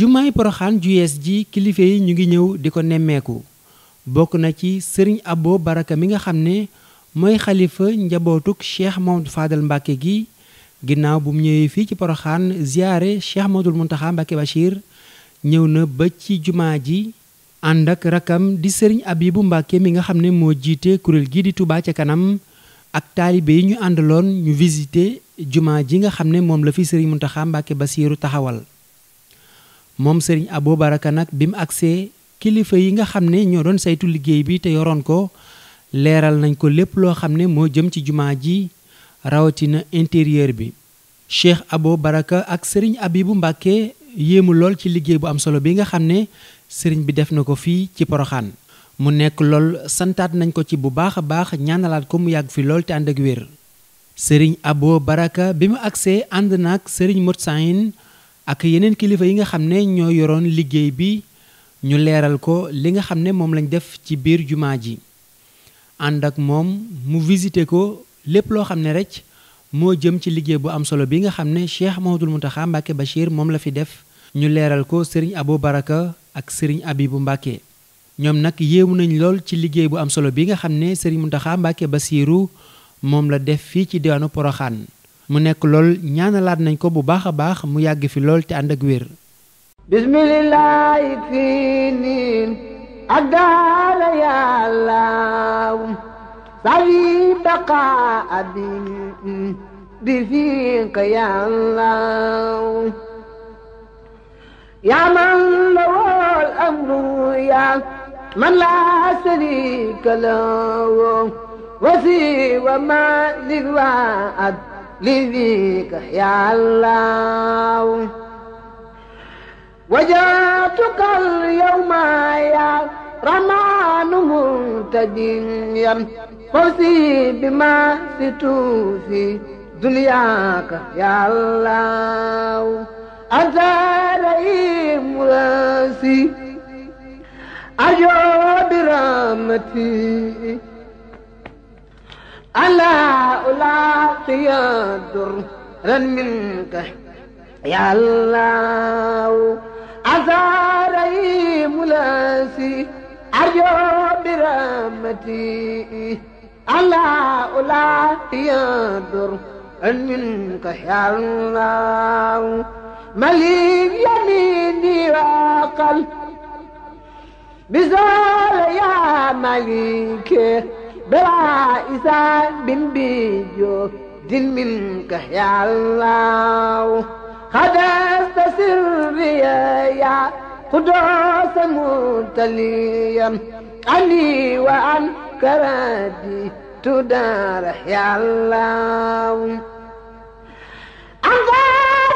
jumaay poroxaan ju yees ji kilifa yi ñu ngi ñëw di ko nemmeeku bokk na ci sëriñ Abo Baraka mi nga xam ne mooy xalifa njabootuk cheikh Mamadou Fadal Mbacke gi ginnaaw bu ñëwee fii ci poroxaan ziare cheikh Mamadou Mountakha Mbacke Bachir ñëw na ba ci jumaa ji ànd ak rakam di sëriñ bu Mbacke mi nga xam ne moo jiite kuréel gi di Touba ca kanam ak taalibe yi ñu àndaloon ñu visité jumaa ji nga xam ne moom la fi sëriñ Mountakha Mbacke Basiru taxawal moom sëriñ Abou Baraka nag bi mu agsee kilifa yi nga xam ne ñoo doon saytu liggéey bi te yoroon ko leeral nañ ko lépp loo xam ne moo jëm ci jumaa ji rawatina intérieur bi Cheikh Abou Baraka ak sëriñ bu Mbàkke yéemu lool ci liggéey bu am solo bi nga xam ne sëriñ bi def na ko fii ci Poroxaan mu nekk lool santaat nañ ko ci bu baax a baax ñaanalaat ko mu yàgg fi lool te ànd ak wér sëriñ Abou Baraka bi mu agsee ànd naag sëriñ Moussa ak yeneen kilifa yi nga xam ne ñoo yoroon liggéey bi ñu leeral ko li nga xam ne moom lañ def ci biir jumaa ji ànd ak moom mu visité ko lépp loo xam ne rek moo jëm ci liggéey bu am solo bi nga xam ne Cheikh Mahamadul Muntaxa Mbàkke Bachir moom la fi def ñu leeral ko sëriñ abu Baraka ak sëriñ bu Mbàkke ñoom nag yéemu nañ lool ci liggéey bu am solo bi nga xam ne sëriñ Muntaxa Mbàkke Basiru moom la def fii ci diwaanu Poroxaan mu nekk lool ñaanalaat nañ ko bu baax a baax mu yàgg fi lool te ànd ak wér bismillaahi fii niin ak daala yàllaaw sawi baqaa abin bi fiik yàllaaw yaa man lawol amru yaa man laa sariika law wasi wa ma lil waad لذيك يا الله وجاتك اليوم يا رمان منتجيا فوزي بما ستوفي دنياك يا الله أنت رئيم راسي أجو برامتي ألا ألاقي درا منك يا الله أزاري ملاسي أرجو برحمتي ألا ألاقي درا منك يا الله مليك يميني وقل بزال يا مليك بلا إساب بيجو دل منك يا الله خدست سري يا قدوس متليا علي وعن كرادي تدار يا الله أنت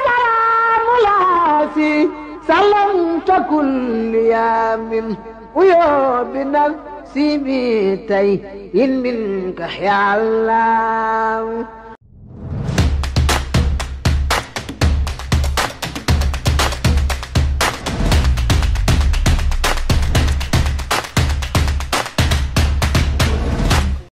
سلام لاسي سلمت كل يوم ويوم بنفسي نفسي بيتي إن منك يا الله